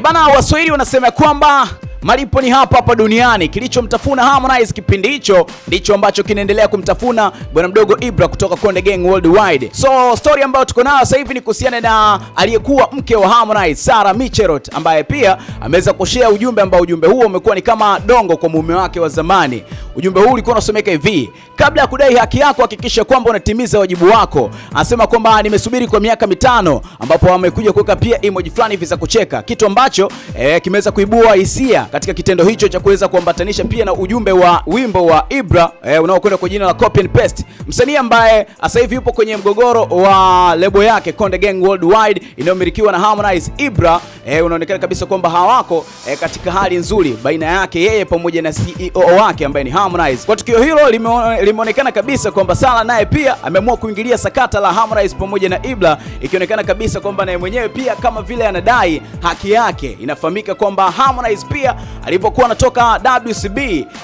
Ebana, eh, Waswahili wanasema kwamba malipo ni hapa hapa duniani. Kilichomtafuna Harmonize kipindi hicho ndicho ambacho kinaendelea kumtafuna bwana mdogo Ibra kutoka Konde Gang Worldwide. So story ambayo tuko nayo sasa hivi ni kuhusiana na aliyekuwa mke wa Harmonize, Sarah Micherot ambaye pia ameweza kushare ujumbe ambao ujumbe huo umekuwa ni kama dongo kwa mume wake wa zamani. Ujumbe huu ulikuwa unasomeka hivi: kabla ya kudai haki yako hakikisha kwamba unatimiza wajibu wako. Anasema kwamba nimesubiri kwa miaka mitano, ambapo amekuja kuweka pia emoji fulani hivi za kucheka, kitu ambacho eh, kimeweza kuibua hisia katika kitendo hicho cha kuweza kuambatanisha pia na ujumbe wa wimbo wa Ibra eh, unaokwenda kwa jina la Copy and Paste, msanii ambaye sasa hivi yupo kwenye mgogoro wa lebo yake Konde Gang Worldwide inayomilikiwa na Harmonize. Ibra eh, unaonekana kabisa kwamba hawako eh, katika hali nzuri baina yake yeye pamoja na CEO wake ambaye ni Harmonize. Kwa tukio hilo limeonekana kabisa kwamba Sala naye pia ameamua kuingilia sakata la Harmonize pamoja na Ibra, ikionekana kabisa kwamba naye mwenyewe pia kama vile anadai haki yake. Inafahamika kwamba Harmonize pia alipokuwa anatoka WCB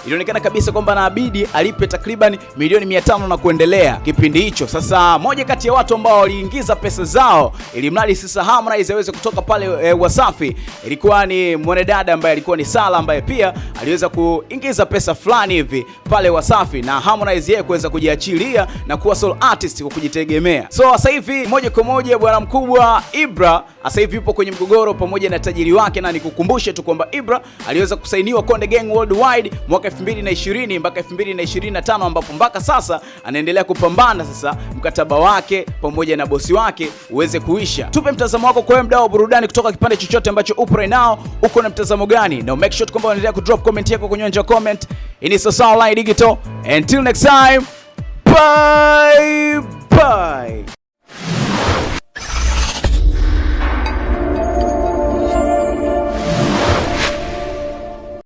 ilionekana kabisa kwamba anabidi alipe takriban milioni 500 na kuendelea kipindi hicho. Sasa moja kati ya watu ambao waliingiza pesa zao ili mradi sasa Harmonize aweze kutoka pale e, Wasafi ilikuwa ni mwanadada ambaye alikuwa ni Sala ambaye pia aliweza kuingiza pesa fulani hivi pale Wasafi na Harmonize yeye kuweza kujiachilia na kuwa solo artist kwa kujitegemea. So sasa hivi moja kwa moja bwana mkubwa Ibra sasa hivi yupo kwenye mgogoro pamoja na tajiri wake, na nikukumbushe tu kwamba Ibra aliweza kusainiwa Konde Gang Worldwide mwaka 2020 mpaka 2025, ambapo mpaka sasa anaendelea kupambana sasa mkataba wake pamoja na bosi wake uweze kuisha. Tupe mtazamo wako kwa mdau wa burudani kutoka kipande chochote ambacho upo right now, uko na mtazamo gani? Now make sure kwamba unaendelea kudrop comment yako kwenye onja comment. Ini Sawasawa Online Digital. Until next time. Bye bye.